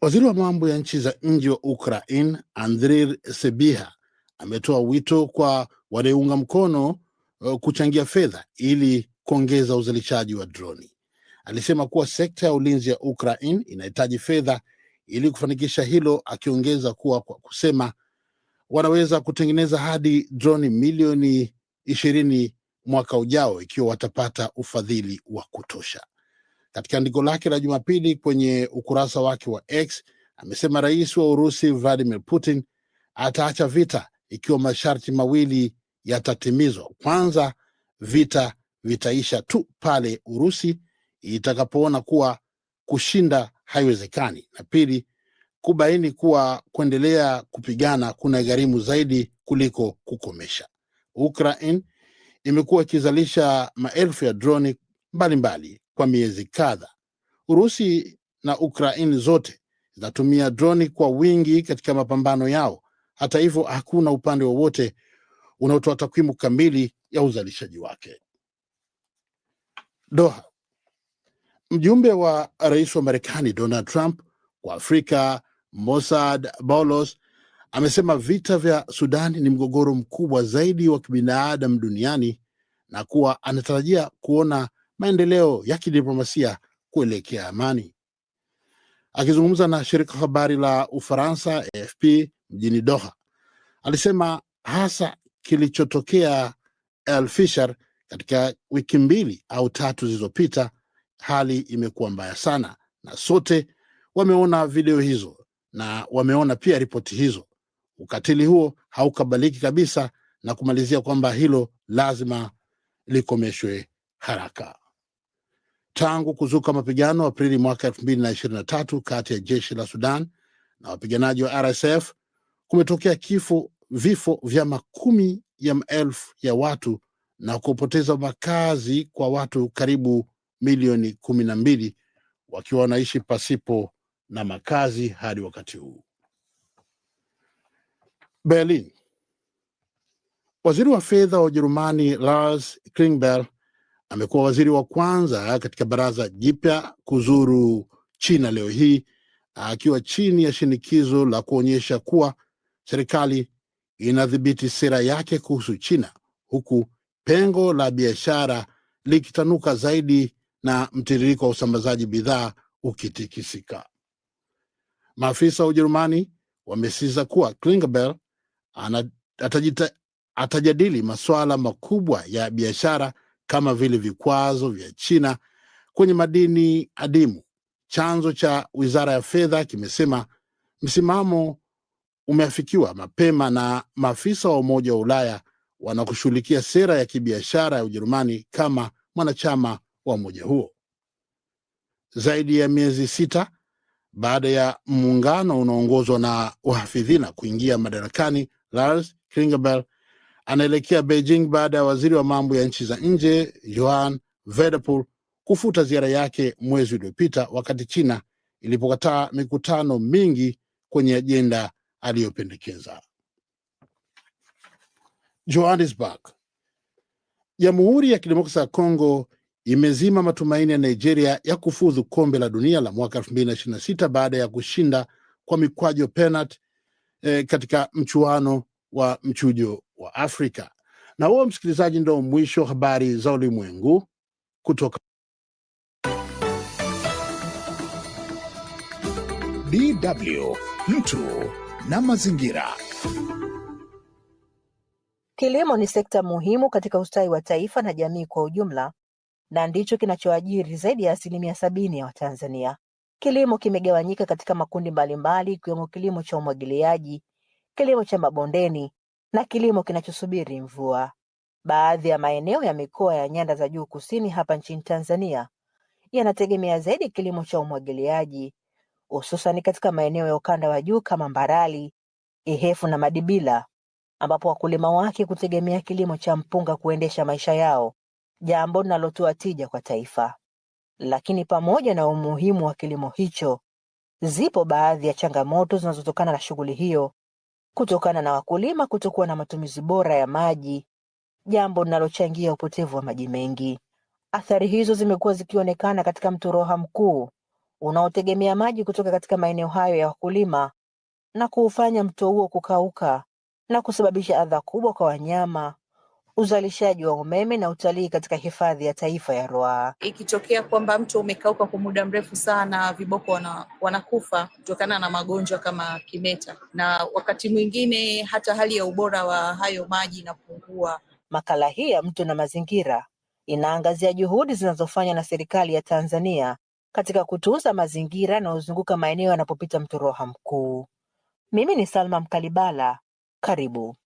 Waziri wa mambo ya nchi za nje wa Ukraine Andriy Sebiha ametoa wito kwa wanayeunga mkono uh, kuchangia fedha ili kuongeza uzalishaji wa droni. Alisema kuwa sekta ya ulinzi ya Ukraine inahitaji fedha ili kufanikisha hilo, akiongeza kuwa kwa kusema wanaweza kutengeneza hadi droni milioni ishirini mwaka ujao ikiwa watapata ufadhili wa kutosha. Katika andiko lake la Jumapili kwenye ukurasa wake wa X amesema rais wa Urusi Vladimir Putin ataacha vita ikiwa masharti mawili yatatimizwa. Kwanza, vita vitaisha tu pale Urusi itakapoona kuwa kushinda haiwezekani, na pili, kubaini kuwa kuendelea kupigana kuna gharimu zaidi kuliko kukomesha. Ukraine imekuwa ikizalisha maelfu ya droni mbalimbali kwa miezi kadha. Urusi na Ukraini zote zinatumia droni kwa wingi katika mapambano yao. Hata hivyo, hakuna upande wowote unaotoa takwimu kamili ya uzalishaji wake. Doha. Mjumbe wa rais wa Marekani Donald Trump kwa Afrika Mossad Bolos amesema vita vya Sudani ni mgogoro mkubwa zaidi wa kibinadamu duniani na kuwa anatarajia kuona maendeleo ya kidiplomasia kuelekea amani. Akizungumza na shirika habari la Ufaransa AFP mjini Doha, alisema hasa kilichotokea El Fisher katika wiki mbili au tatu zilizopita, hali imekuwa mbaya sana, na sote wameona video hizo na wameona pia ripoti hizo. Ukatili huo haukubaliki kabisa, na kumalizia kwamba hilo lazima likomeshwe haraka tangu kuzuka mapigano Aprili mwaka elfu mbili na ishirini na tatu kati ya jeshi la Sudan na wapiganaji wa RSF kumetokea kifo, vifo vya makumi ya maelfu ya watu na kupoteza makazi kwa watu karibu milioni kumi na mbili wakiwa wanaishi pasipo na makazi hadi wakati huu. Berlin, waziri wa fedha wa Ujerumani Lars klingbel amekuwa waziri wa kwanza katika baraza jipya kuzuru China leo hii akiwa chini ya shinikizo la kuonyesha kuwa serikali inadhibiti sera yake kuhusu China, huku pengo la biashara likitanuka zaidi na mtiririko wa usambazaji bidhaa ukitikisika. Maafisa wa Ujerumani wamesisitiza kuwa Klingbeil atajita, atajadili masuala makubwa ya biashara kama vile vikwazo vya China kwenye madini adimu. Chanzo cha wizara ya fedha kimesema msimamo umeafikiwa mapema na maafisa wa Umoja wa Ulaya wanakushughulikia sera ya kibiashara ya Ujerumani kama mwanachama wa umoja huo. Zaidi ya miezi sita baada ya muungano unaoongozwa na wahafidhina kuingia madarakani, Lars Klingbeil anaelekea Beijing baada ya waziri wa mambo ya nchi za nje Yuan Vedapool kufuta ziara yake mwezi uliopita, wakati China ilipokataa mikutano mingi kwenye ajenda aliyopendekeza. Johannesburg. Jamhuri ya Kidemokrasia ya Kongo imezima matumaini ya Nigeria ya kufuzu kombe la dunia la mwaka sita baada ya kushinda kwa mikwaju penalti eh, katika mchuano wa mchujo wa Afrika. Na huo msikilizaji, ndo mwisho wa habari za ulimwengu kutoka DW mtu na mazingira. Kilimo ni sekta muhimu katika ustawi wa taifa na jamii kwa ujumla, na ndicho kinachoajiri zaidi ya asilimia sabini ya Watanzania. Kilimo kimegawanyika katika makundi mbalimbali, ikiwemo kilimo cha umwagiliaji, kilimo cha mabondeni, na kilimo kinachosubiri mvua. Baadhi ya maeneo ya mikoa ya nyanda za juu kusini hapa nchini Tanzania yanategemea zaidi kilimo cha umwagiliaji, hususan katika maeneo ya ukanda wa juu kama Mbarali, Ihefu na Madibila, ambapo wakulima wake kutegemea kilimo cha mpunga kuendesha maisha yao, jambo linalotoa tija kwa taifa. Lakini pamoja na umuhimu wa kilimo hicho, zipo baadhi ya changamoto zinazotokana na shughuli hiyo kutokana na wakulima kutokuwa na matumizi bora ya maji, jambo linalochangia upotevu wa maji mengi. Athari hizo zimekuwa zikionekana katika mto Roha mkuu unaotegemea maji kutoka katika maeneo hayo ya wakulima na kuufanya mto huo kukauka na kusababisha adha kubwa kwa wanyama, uzalishaji wa umeme na utalii katika hifadhi ya taifa ya Ruaha. Ikitokea kwamba mto umekauka kwa muda mrefu sana, viboko wana, wanakufa kutokana na magonjwa kama kimeta, na wakati mwingine hata hali ya ubora wa hayo maji inapungua. Makala hii ya Mto na Mazingira inaangazia juhudi zinazofanywa na serikali ya Tanzania katika kutunza mazingira yanayozunguka maeneo yanapopita mto Ruaha Mkuu. Mimi ni Salma Mkalibala, karibu.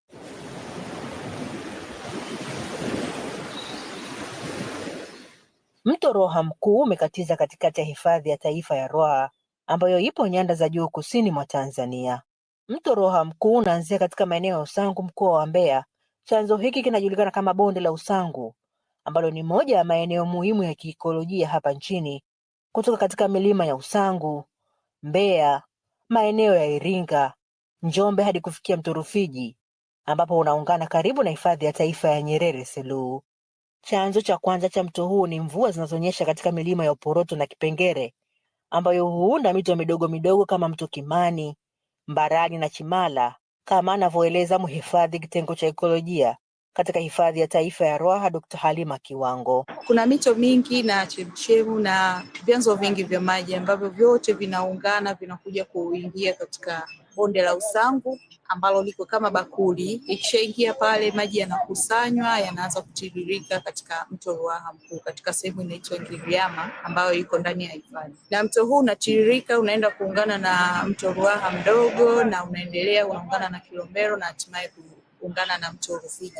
Mto Roha Mkuu umekatiza katikati ya Hifadhi ya Taifa ya Ruaha ambayo ipo nyanda za juu kusini mwa Tanzania. Mto Roha Mkuu unaanzia katika maeneo ya Usangu mkoa wa Mbeya. Chanzo hiki kinajulikana kama bonde la Usangu ambalo ni moja ya maeneo muhimu ya kiikolojia hapa nchini kutoka katika milima ya Usangu, Mbeya, maeneo ya Iringa, Njombe hadi kufikia Mto Rufiji ambapo unaungana karibu na Hifadhi ya Taifa ya Nyerere Selous. Chanzo cha kwanza cha mto huu ni mvua zinazonyesha katika milima ya Uporoto na Kipengere ambayo huunda mito midogo midogo kama mto Kimani, Mbarali na Chimala kama anavyoeleza mhifadhi kitengo cha ekolojia katika hifadhi ya taifa ya Ruaha d Halima Kiwango. Kuna mito mingi na chemchemu na vyanzo vingi vya maji ambavyo vyote vinaungana vinakuja kuingia katika bonde la Usangu ambalo liko kama bakuli, ikishaingia pale maji yanakusanywa yanaanza kutiririka katika mto Ruaha Mkuu katika sehemu inaitwa Ngiriama ambayo iko ndani ya hifadhi. Na mto huu unatiririka unaenda kuungana na mto Ruaha mdogo na unaendelea unaungana na Kilombero na hatimaye kuungana na mto Rufiji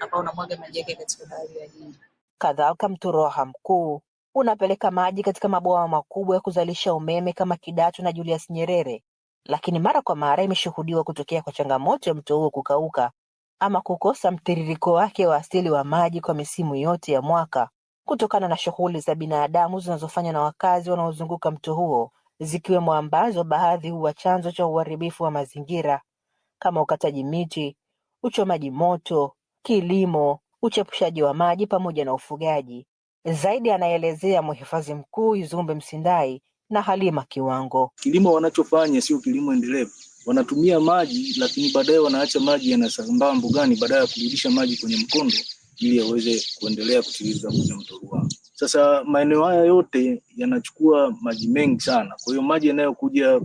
ambao unamwaga maji yake katika bahari ya Hindi. Kadhalika mto Ruaha Mkuu unapeleka maji katika mabwawa makubwa ya kuzalisha umeme kama Kidatu na Julius Nyerere lakini mara kwa mara imeshuhudiwa kutokea kwa changamoto ya mto huo kukauka ama kukosa mtiririko wake wa asili wa maji kwa misimu yote ya mwaka kutokana na shughuli za binadamu zinazofanywa na wakazi wanaozunguka mto huo, zikiwemo ambazo baadhi huwa chanzo cha uharibifu wa mazingira kama ukataji miti, uchomaji moto, kilimo, uchepushaji wa maji pamoja na ufugaji. Zaidi anaelezea mhifadhi mkuu Izumbe Msindai na Halima Kiwango. Kilimo wanachofanya sio kilimo endelevu, wanatumia maji lakini baadaye wanaacha maji yanasambaa mbugani, badala ya kurudisha maji kwenye mkondo ili yaweze kuendelea kutiliza kwenye wao. Sasa maeneo haya yote yanachukua maji mengi sana, kwa hiyo maji yanayokuja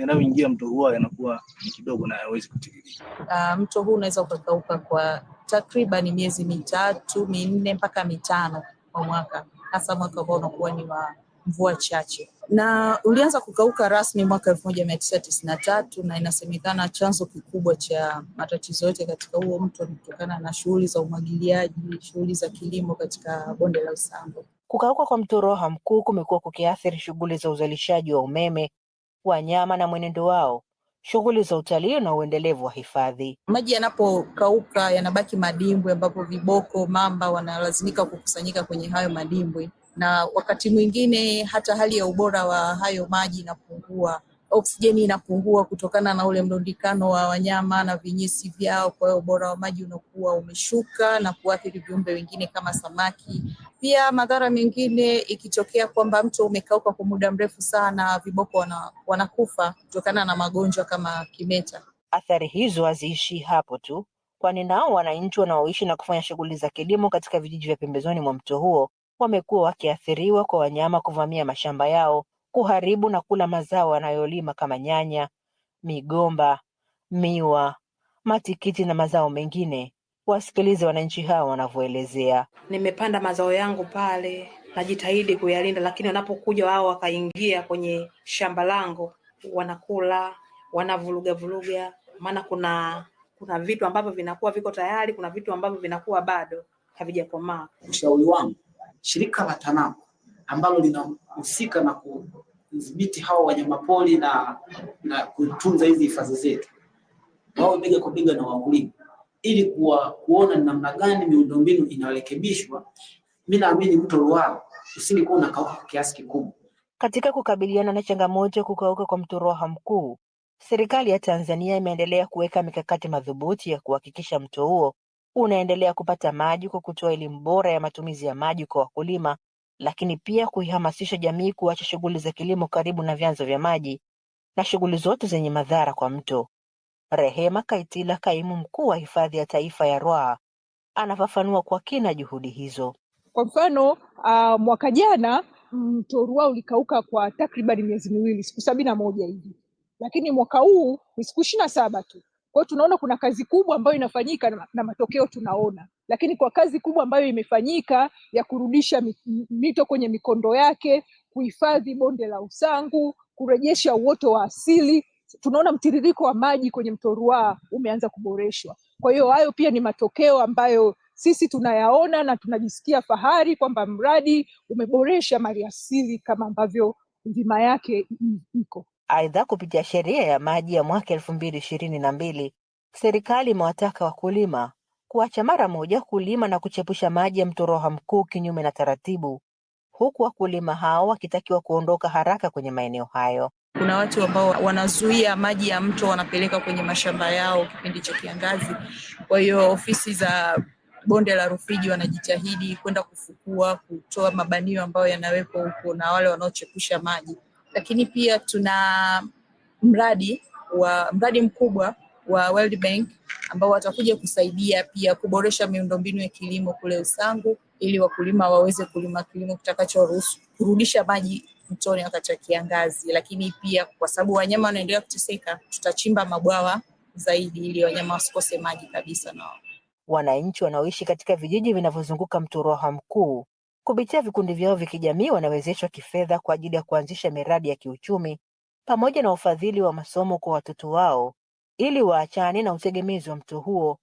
yanayoingia mto huu yanakuwa ni kidogo na hayawezi kutiririka. Uh, mto huu unaweza ukakauka kwa takriban miezi mitatu minne mpaka mitano kwa mwaka, hasa mwaka ambao unakuwa ni wa mvua chache na ulianza kukauka rasmi mwaka elfu moja mia tisa tisini na tatu na inasemekana chanzo kikubwa cha matatizo yote katika huo mto ni kutokana na shughuli za umwagiliaji, shughuli za kilimo katika bonde la Usango. Kukauka kwa mto Roha Mkuu kumekuwa kukiathiri shughuli za uzalishaji wa umeme, wanyama na mwenendo wao, shughuli za utalii na uendelevu wa hifadhi. Maji yanapokauka yanabaki madimbwi, ambapo viboko, mamba wanalazimika kukusanyika kwenye hayo madimbwi na wakati mwingine hata hali ya ubora wa hayo maji inapungua, oksijeni inapungua kutokana na ule mrundikano wa wanyama na vinyesi vyao. Kwa hiyo ubora wa maji unakuwa umeshuka na kuathiri viumbe wengine kama samaki. Pia madhara mengine, ikitokea kwamba mto umekauka kwa muda mrefu sana, viboko wana, wanakufa kutokana na magonjwa kama kimeta. Athari hizo haziishi hapo tu, kwani nao wananchi wanaoishi na kufanya shughuli za kilimo katika vijiji vya pembezoni mwa mto huo wamekuwa wakiathiriwa kwa wanyama kuvamia mashamba yao, kuharibu na kula mazao wanayolima kama nyanya, migomba, miwa, matikiti na mazao mengine. Wasikilize wananchi hao wanavyoelezea. Nimepanda mazao yangu pale, najitahidi kuyalinda, lakini wanapokuja wao wakaingia kwenye shamba langu, wanakula, wanavuruga vuruga, maana kuna kuna vitu ambavyo vinakuwa viko tayari, kuna vitu ambavyo vinakuwa bado havijakomaa. Ushauri wangu shirika la TANAPA ambalo linahusika na kudhibiti hawa wanyamapori na, na kutunza hizi hifadhi zetu, wao bega kwa bega na wakulima ili kuwa, kuona ni namna gani miundombinu inarekebishwa. Mimi naamini mto Ruaha usingekuwa unakauka kwa kiasi kikubwa. Katika kukabiliana na changamoto ya kukauka kwa mto Ruaha mkuu, serikali ya Tanzania imeendelea kuweka mikakati madhubuti ya kuhakikisha mto huo unaendelea kupata maji kwa kutoa elimu bora ya matumizi ya maji kwa wakulima, lakini pia kuihamasisha jamii kuacha shughuli za kilimo karibu na vyanzo vya maji na shughuli zote zenye madhara kwa mto. Rehema Kaitila, kaimu mkuu wa hifadhi ya taifa ya Ruaha, anafafanua kwa kina juhudi hizo. Kwa mfano uh, mwaka jana mto Ruaha ulikauka kwa takribani miezi miwili, siku sabini na moja hivi, lakini mwaka huu ni siku ishirini na saba tu. Kwa hiyo tunaona kuna kazi kubwa ambayo inafanyika na, matokeo tunaona, lakini kwa kazi kubwa ambayo imefanyika ya kurudisha mito kwenye mikondo yake, kuhifadhi bonde la Usangu, kurejesha uoto wa asili, tunaona mtiririko wa maji kwenye mto Ruaha umeanza kuboreshwa. Kwa hiyo hayo pia ni matokeo ambayo sisi tunayaona na tunajisikia fahari kwamba mradi umeboresha maliasili kama ambavyo dhima yake iko. Aidha, kupitia sheria ya maji ya mwaka elfu mbili ishirini na mbili serikali imewataka wakulima kuacha mara moja kulima na kuchepusha maji ya mto Roha Mkuu kinyume na taratibu, huku wakulima hao wakitakiwa kuondoka haraka kwenye maeneo hayo. Kuna watu ambao wanazuia maji ya mto wanapeleka kwenye mashamba yao kipindi cha kiangazi. Kwa hiyo ofisi za bonde la Rufiji wanajitahidi kwenda kufukua, kutoa mabanio ambayo yanawekwa huko na wale wanaochepusha maji lakini pia tuna mradi wa mradi mkubwa wa World Bank ambao watakuja kusaidia pia kuboresha miundombinu ya kilimo kule Usangu ili wakulima waweze kulima kilimo kitakachoruhusu kurudisha maji mtoni wakati wa kiangazi, lakini pia kwa sababu wanyama wanaendelea kuteseka, tutachimba mabwawa zaidi ili wanyama wasikose maji kabisa. Na wananchi wanaoishi katika vijiji vinavyozunguka mto Ruaha Mkuu Kupitia vikundi vyao vya kijamii wanawezeshwa kifedha kwa ajili ya kuanzisha miradi ya kiuchumi pamoja na ufadhili wa masomo kwa watoto wao ili waachane na utegemezi wa mto huo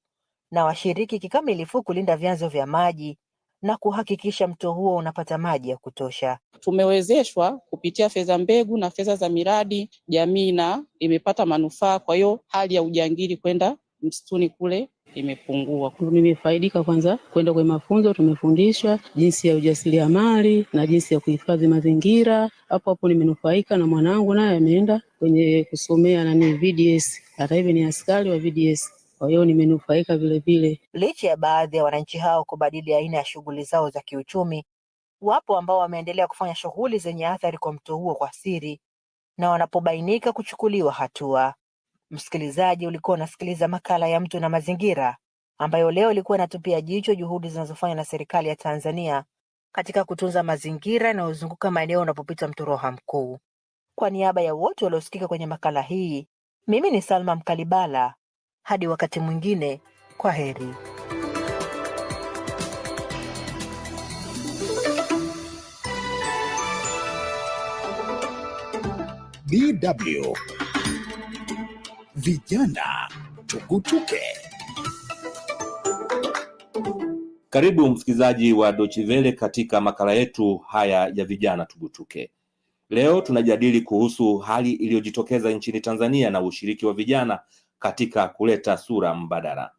na washiriki kikamilifu kulinda vyanzo vya maji na kuhakikisha mto huo unapata maji ya kutosha. Tumewezeshwa kupitia fedha mbegu na fedha za miradi, jamii na imepata manufaa. Kwa hiyo hali ya ujangili kwenda msituni kule imepungua. Nimefaidika kwanza kwenda kwenye mafunzo, tumefundishwa jinsi ya ujasiriamali na jinsi ya kuhifadhi mazingira. Hapo hapo nimenufaika, na mwanangu naye ameenda kwenye kusomea nani VDS, hata hivi ni askari wa VDS. Kwa hiyo nimenufaika vilevile. Licha ya baadhi ya wananchi hao kubadili aina ya shughuli zao za kiuchumi, wapo ambao wameendelea kufanya shughuli zenye athari kwa mto huo kwa siri, na wanapobainika kuchukuliwa hatua. Msikilizaji, ulikuwa unasikiliza makala ya Mtu na Mazingira ambayo leo ilikuwa inatupia jicho juhudi zinazofanywa na serikali ya Tanzania katika kutunza mazingira yanayozunguka maeneo unapopita mto Roha Mkuu. Kwa niaba ya wote waliosikika kwenye makala hii, mimi ni Salma Mkalibala. Hadi wakati mwingine, kwa heri. DW vijana tugutuke. Karibu msikilizaji wa Dochivele katika makala yetu haya ya vijana tugutuke. Leo tunajadili kuhusu hali iliyojitokeza nchini Tanzania na ushiriki wa vijana katika kuleta sura mbadala.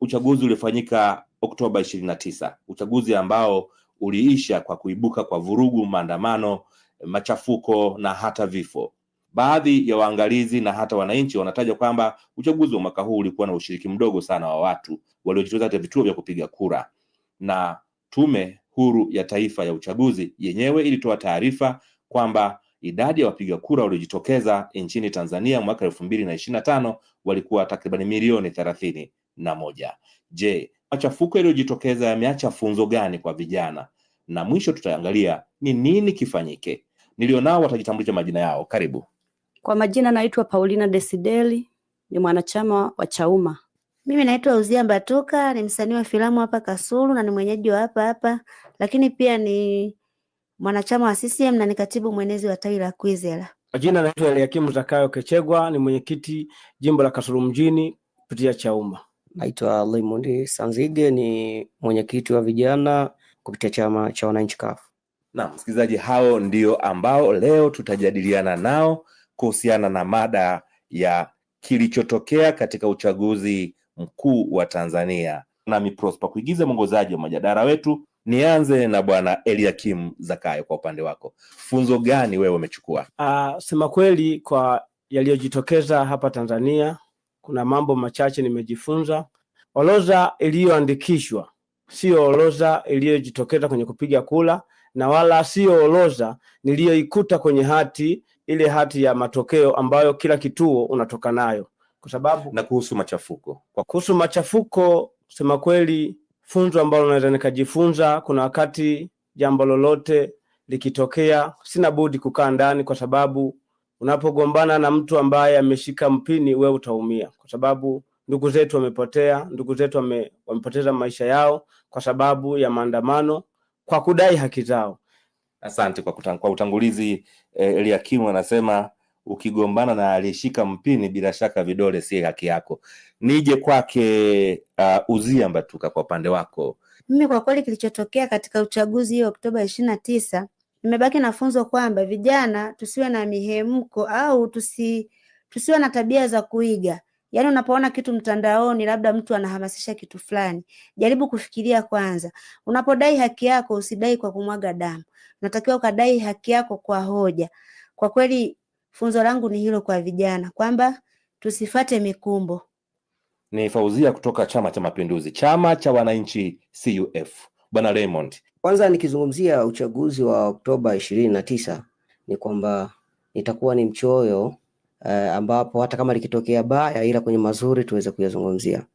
Uchaguzi ulifanyika Oktoba 29 uchaguzi ambao uliisha kwa kuibuka kwa vurugu, maandamano, machafuko na hata vifo. Baadhi ya waangalizi na hata wananchi wanataja kwamba uchaguzi wa mwaka huu ulikuwa na ushiriki mdogo sana wa watu waliojitokeza katika vituo vya kupiga kura, na Tume Huru ya Taifa ya Uchaguzi yenyewe ilitoa taarifa kwamba idadi ya wapiga kura waliojitokeza nchini Tanzania mwaka elfu mbili na ishirini na tano walikuwa takriban milioni thelathini na moja. Je, machafuko yaliyojitokeza yameacha funzo gani kwa vijana? Na mwisho tutaangalia ni nini kifanyike. Nilionao watajitambulisha majina yao. Karibu. Kwa majina naitwa Paulina Desideli, ni mwanachama wa Chauma. Mimi naitwa Uzia Mbatuka, ni msanii wa filamu hapa Kasulu na ni mwenyeji wa hapa hapa, lakini pia ni mwanachama wa CCM na ni katibu mwenezi wa tawi la Kwizera. Majina naitwa Eliakim Zakayo Kechegwa, ni mwenyekiti jimbo la Kasulu mjini kupitia Chauma. Naitwa Raymond Sanzige, ni mwenyekiti wa vijana kupitia chama cha wananchi kafu. Na msikilizaji, hao ndio ambao leo tutajadiliana nao kuhusiana na mada ya kilichotokea katika uchaguzi mkuu wa Tanzania. Nami Prosper Kuigiza, mwongozaji wa majadara wetu. Nianze na Bwana Eliakim Zakayo, kwa upande wako funzo gani wewe umechukua? Uh, sema kweli kwa yaliyojitokeza hapa Tanzania kuna mambo machache nimejifunza. Orodha iliyoandikishwa siyo oroza iliyojitokeza kwenye kupiga kula na wala siyo oroza niliyoikuta kwenye hati ile hati ya matokeo ambayo kila kituo unatoka nayo, kwa sababu na kuhusu machafuko kwa... kuhusu machafuko, kusema kweli, funzo ambalo naweza nikajifunza, kuna wakati jambo lolote likitokea, sina budi kukaa ndani, kwa sababu unapogombana na mtu ambaye ameshika mpini, we utaumia, kwa sababu ndugu zetu wamepotea, ndugu zetu wame, wamepoteza maisha yao kwa sababu ya maandamano kwa kudai haki zao. Asante kwa, kutang, kwa utangulizi eh, Eliakimu anasema ukigombana na aliyeshika mpini bila shaka vidole si haki yako. Nije kwake uh, Uzia Mbatuka, kwa upande wako. Mimi kwa kweli kilichotokea katika uchaguzi hiyo Oktoba ishirini na tisa, nimebaki na funzo kwamba vijana tusiwe na mihemko au tusi, tusiwe na tabia za kuiga. Yaani, unapoona kitu mtandaoni, labda mtu anahamasisha kitu fulani, jaribu kufikiria kwanza. Unapodai haki yako, usidai kwa kumwaga damu unatakiwa ukadai haki yako kwa hoja. Kwa kweli funzo langu ni hilo kwa vijana kwamba tusifate mikumbo. Ni Fauzia kutoka Chama cha Mapinduzi, chama cha wananchi CUF. Bwana Raymond, kwanza nikizungumzia uchaguzi wa Oktoba ishirini na tisa ni kwamba nitakuwa ni mchoyo eh, ambapo hata kama likitokea baya, ila kwenye mazuri tuweze kuyazungumzia.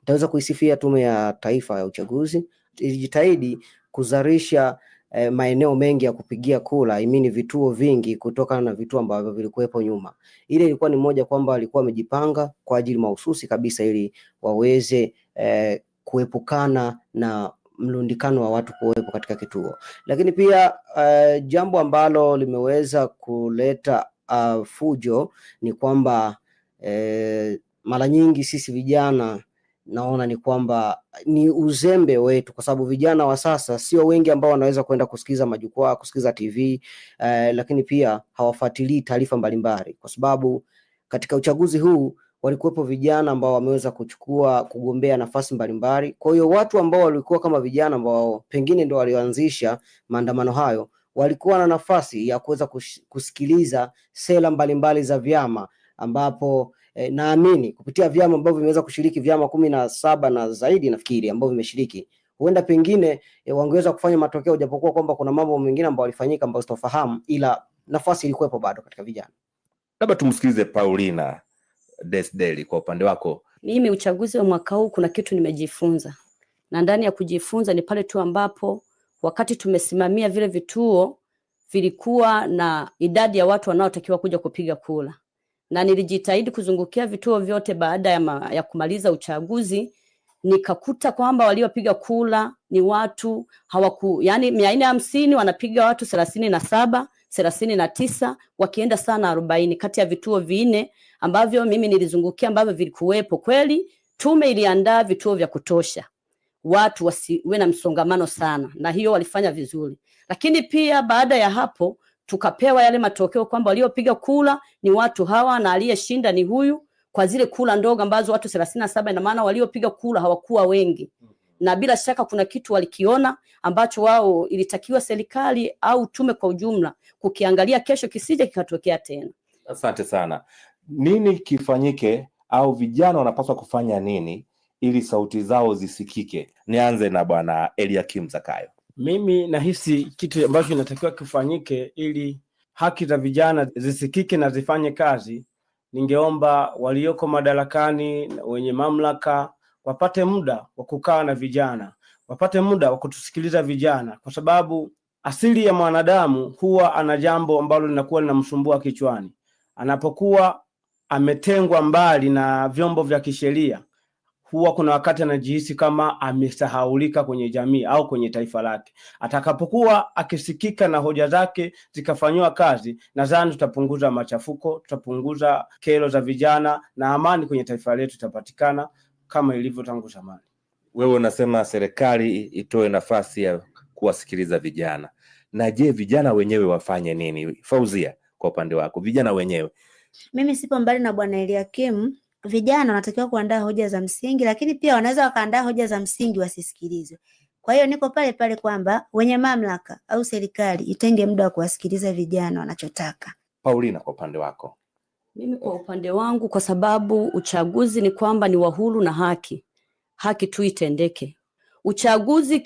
Nitaweza kuisifia Tume ya Taifa ya Uchaguzi ilijitahidi kuzarisha eh, maeneo mengi ya kupigia kura imini vituo vingi kutokana na vituo ambavyo vilikuwepo nyuma. Ile ilikuwa ni moja kwamba walikuwa wamejipanga kwa ajili mahususi kabisa ili waweze eh, kuepukana na mlundikano wa watu kuwepo katika kituo. Lakini pia eh, jambo ambalo limeweza kuleta uh, fujo ni kwamba eh, mara nyingi sisi vijana naona ni kwamba eh, ni uzembe wetu, kwa sababu vijana wa sasa sio wengi ambao wanaweza kwenda kusikiza majukwaa, kusikiza TV eh, lakini pia hawafuatilii taarifa mbalimbali, kwa sababu katika uchaguzi huu walikuwepo vijana ambao wameweza kuchukua kugombea nafasi mbalimbali. Kwa hiyo watu ambao walikuwa kama vijana ambao pengine ndio walioanzisha maandamano hayo walikuwa na nafasi ya kuweza kusikiliza sera mbalimbali za vyama ambapo e, naamini kupitia vyama ambavyo vimeweza kushiriki vyama kumi na saba na zaidi nafikiri ambavyo vimeshiriki huenda pengine e, wangeweza kufanya matokeo, japokuwa kwamba kuna mambo mengine ambayo walifanyika ambayo sitofahamu, ila nafasi ilikuwepo bado katika vijana. Labda tumsikilize Paulina Desdeli. Kwa upande wako, mimi uchaguzi wa mwaka huu kuna kitu nimejifunza, na ndani ya kujifunza ni pale tu ambapo wakati tumesimamia vile vituo vilikuwa na idadi ya watu wanaotakiwa kuja kupiga kura, na nilijitahidi kuzungukia vituo vyote baada ya, ma, ya kumaliza uchaguzi nikakuta kwamba waliopiga kula ni watu hawaku, yani mia nne hamsini wanapiga watu thelathini na saba thelathini na tisa wakienda sana arobaini kati ya vituo vinne ambavyo mimi nilizungukia ambavyo vilikuwepo. Kweli tume iliandaa vituo vya kutosha watu wasiwe na msongamano sana, na hiyo walifanya vizuri. Lakini pia baada ya hapo tukapewa yale matokeo kwamba waliopiga kula ni watu hawa na aliyeshinda ni huyu, kwa zile kula ndogo ambazo watu thelathini na saba, ina maana waliopiga kula hawakuwa wengi mm-hmm. na bila shaka kuna kitu walikiona ambacho wao ilitakiwa serikali au tume kwa ujumla kukiangalia, kesho kisije kikatokea tena. Asante sana. Nini kifanyike au vijana wanapaswa kufanya nini ili sauti zao zisikike? Nianze na Bwana Eliakim Zakayo. Mimi nahisi kitu ambacho inatakiwa kifanyike ili haki za vijana zisikike na zifanye kazi, ningeomba walioko madarakani, wenye mamlaka, wapate muda wa kukaa na vijana, wapate muda wa kutusikiliza vijana, kwa sababu asili ya mwanadamu huwa ana jambo ambalo linakuwa linamsumbua kichwani. Anapokuwa ametengwa mbali na vyombo vya kisheria, huwa kuna wakati anajihisi kama amesahaulika kwenye jamii au kwenye taifa lake. Atakapokuwa akisikika na hoja zake zikafanyiwa kazi, nadhani tutapunguza machafuko, tutapunguza kero za vijana na amani kwenye taifa letu itapatikana kama ilivyo tangu zamani. Wewe unasema serikali itoe nafasi ya kuwasikiliza vijana, na je, vijana wenyewe wafanye nini? Fauzia, kwa upande wako, vijana wenyewe. Mimi sipo mbali na bwana Eliakim vijana wanatakiwa kuandaa hoja za msingi, lakini pia wanaweza wakaandaa hoja za msingi wasisikilizwe. Kwa hiyo niko pale pale kwamba wenye mamlaka au serikali itenge muda wa kuwasikiliza vijana wanachotaka. Paulina, kwa upande wako? Mimi kwa upande wangu, kwa sababu uchaguzi ni kwamba ni wa huru na haki, haki tu itendeke. Uchaguzi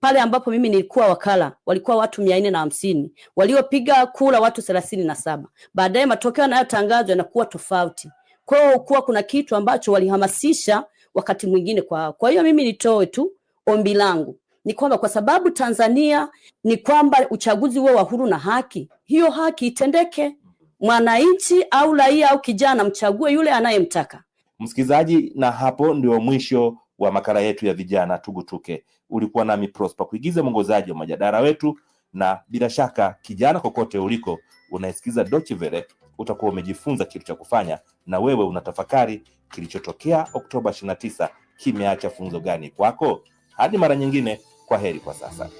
pale ambapo mimi nilikuwa wakala, walikuwa watu mia nne na hamsini waliopiga kura watu thelathini na saba. Baadaye matokeo yanayotangazwa yanakuwa tofauti kwao kuwa kuna kitu ambacho walihamasisha wakati mwingine kwa. Kwa hiyo mimi nitoe tu ombi langu ni kwamba kwa sababu Tanzania ni kwamba uchaguzi huo wa huru na haki, hiyo haki itendeke, mwananchi au raia au kijana mchague yule anayemtaka. Msikilizaji, na hapo ndio mwisho wa makala yetu ya vijana tugutuke. Ulikuwa nami Prosper Kuigiza, mwongozaji wa majadara wetu, na bila shaka kijana, kokote uliko unaisikiza Dochivele utakuwa umejifunza kitu cha kufanya, na wewe unatafakari kilichotokea Oktoba 29 kimeacha funzo gani kwako. Hadi mara nyingine, kwa heri kwa sasa.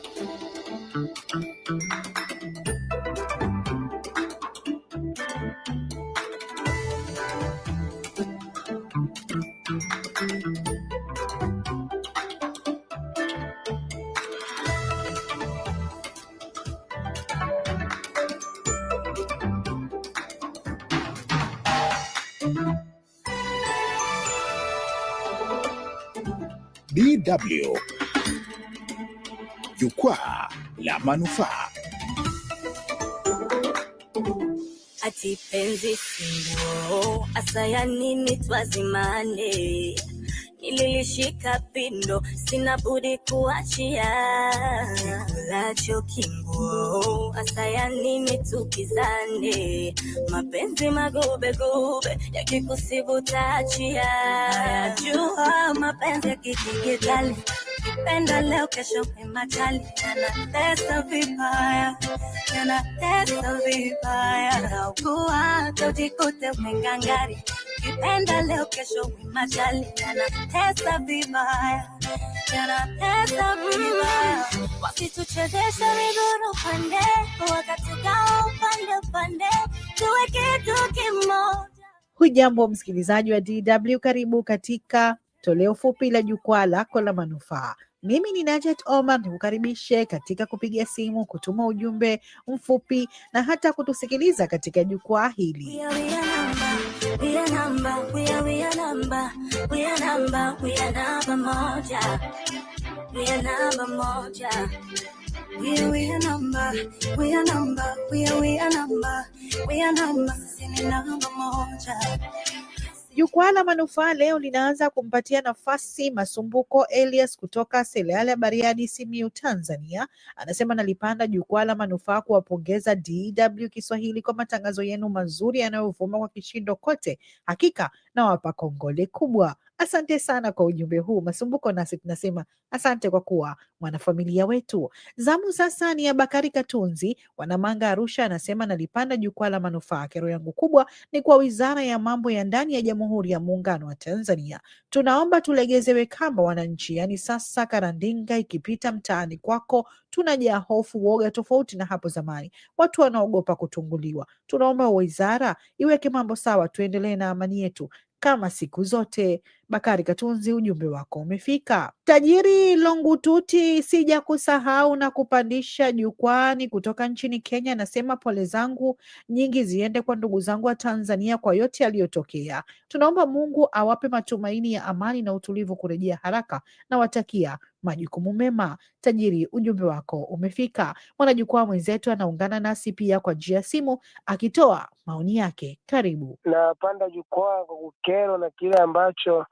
DW jukwaa la manufaa. Ati penzi sindo asaya nini, twazimane nililishika pindo, sina budi kuachia walacho kinguo, asayani mitukizane, mapenzi magubegube yakikusibutachia tachia. mapenzi ya kidijitali penda leo, kesho ni yanatesa vibaya, yanatesa vibaya, naugua hata ujikute umengangari ukipenda leo, kesho majali pesa vibaya, pesa vibaya. Wasituchezeshe miguru pande, wakatugawa upande pande, tuwe kitu kimoja. Hujambo msikilizaji wa DW, karibu katika toleo fupi la jukwaa lako la manufaa. Mimi ni Najat Omar, nikukaribishe katika kupiga simu, kutuma ujumbe mfupi na hata kutusikiliza katika jukwaa hili. Jukwaa la Manufaa leo linaanza kumpatia nafasi Masumbuko Elias kutoka Seleala Bariadi, Simiyu, Tanzania. Anasema analipanda Jukwaa la Manufaa kuwapongeza DW Kiswahili kwa matangazo yenu mazuri yanayovuma kwa kishindo kote. Hakika nawapa kongole kubwa. Asante sana kwa ujumbe huu Masumbuko, nasi tunasema asante kwa kuwa mwanafamilia wetu. Zamu sasa ni ya Bakari Katunzi Wanamanga, Arusha, anasema nalipanda jukwaa la manufaa. Kero yangu kubwa ni kwa Wizara ya Mambo ya Ndani ya Jamhuri ya Muungano wa Tanzania. Tunaomba tulegezewe kamba wananchi, yaani sasa karandinga ikipita mtaani kwako tunajaa hofu, uoga, tofauti na hapo zamani. Watu wanaogopa kutunguliwa. Tunaomba wizara iweke mambo sawa, tuendelee na amani yetu kama siku zote. Bakari Katunzi, ujumbe wako umefika. Tajiri Longututi, sija kusahau na kupandisha jukwani kutoka nchini Kenya, anasema pole zangu nyingi ziende kwa ndugu zangu wa Tanzania kwa yote yaliyotokea. Tunaomba Mungu awape matumaini ya amani na utulivu kurejea haraka, na watakia majukumu mema. Tajiri, ujumbe wako umefika. Mwanajukwaa mwenzetu anaungana nasi pia kwa njia ya simu akitoa maoni yake. Karibu. Napanda jukwaa kwa kukerwa na kile ambacho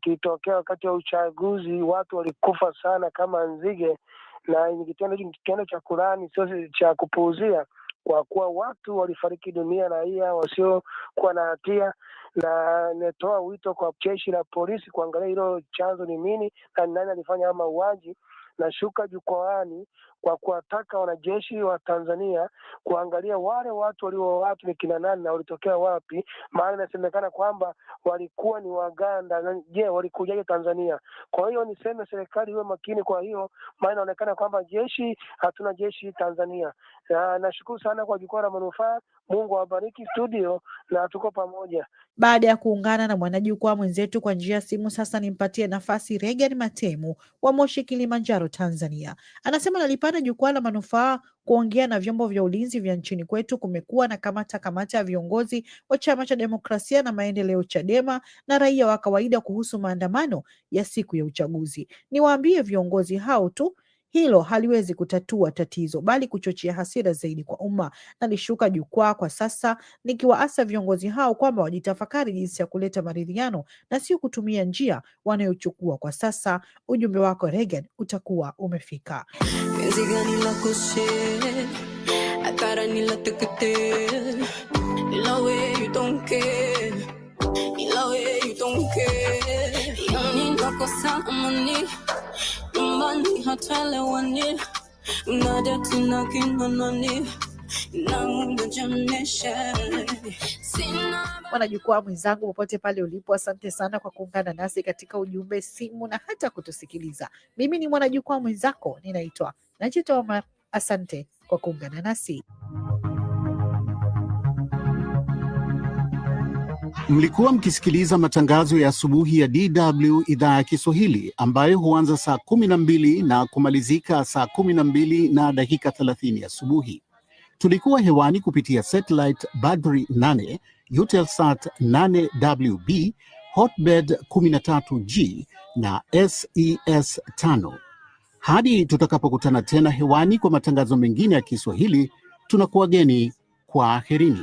kilitokea wakati wa uchaguzi. Watu walikufa sana kama nzige, na ni kitendo hiki ni kitendo cha kurani sio cha kupuuzia, kwa kuwa watu walifariki dunia raia wasiokuwa na hatia, na imetoa wito kwa jeshi la polisi kuangalia hilo chanzo ni nini na nani alifanya mauaji na shuka jukwaani wa kuwataka wanajeshi wa Tanzania kuangalia wale watu waliowatu ni kina nani na walitokea wapi, maana inasemekana kwamba walikuwa ni Waganda. Je, walikujaje Tanzania? Kwa hiyo niseme serikali iwe makini. Kwa hiyo maana inaonekana kwamba jeshi, hatuna jeshi Tanzania. Na nashukuru sana kwa jukwaa la manufaa. Mungu awabariki studio, na tuko pamoja. Baada ya kuungana na mwanajukwaa mwenzetu kwa njia ya simu, sasa nimpatie nafasi Regan Matemu wa Moshi, Kilimanjaro, Tanzania. Anasema nalipana kuona jukwaa la manufaa kuongea na vyombo vya ulinzi vya nchini kwetu. Kumekuwa na kamata kamata ya viongozi wa chama cha demokrasia na maendeleo Chadema na raia wa kawaida kuhusu maandamano ya siku ya uchaguzi. Niwaambie viongozi hao tu hilo haliwezi kutatua tatizo, bali kuchochea hasira zaidi kwa umma. Nalishuka jukwaa kwa sasa nikiwaasa viongozi hao kwamba wajitafakari jinsi ya kuleta maridhiano na sio kutumia njia wanayochukua kwa sasa. Ujumbe wako Regan utakuwa umefika hatalewanil mnadatina kinanani Mwana jukwaa mwenzangu, popote pale ulipo, asante sana kwa kuungana nasi katika ujumbe, simu na hata kutusikiliza. Mimi ni mwanajukwaa mwenzako, ninaitwa Najitoa Asante kwa kuungana nasi. Mlikuwa mkisikiliza matangazo ya asubuhi ya DW idhaa ya Kiswahili ambayo huanza saa kumi na mbili na kumalizika saa kumi na mbili na dakika thelathini asubuhi. Tulikuwa hewani kupitia satellite Badri 8, Utelsat 8WB, Hotbed 13G na SES 5. E Hadi tutakapokutana tena hewani kwa matangazo mengine ya Kiswahili, tunakuwageni kwa aherini.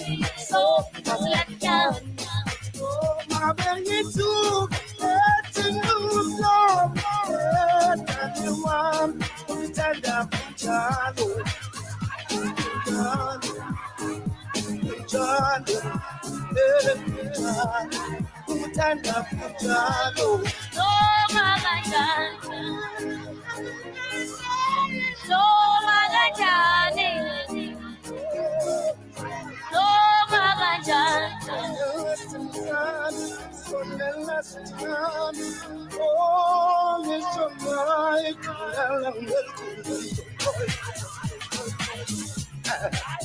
and a future. No, no magatan. oh, mi sombrero,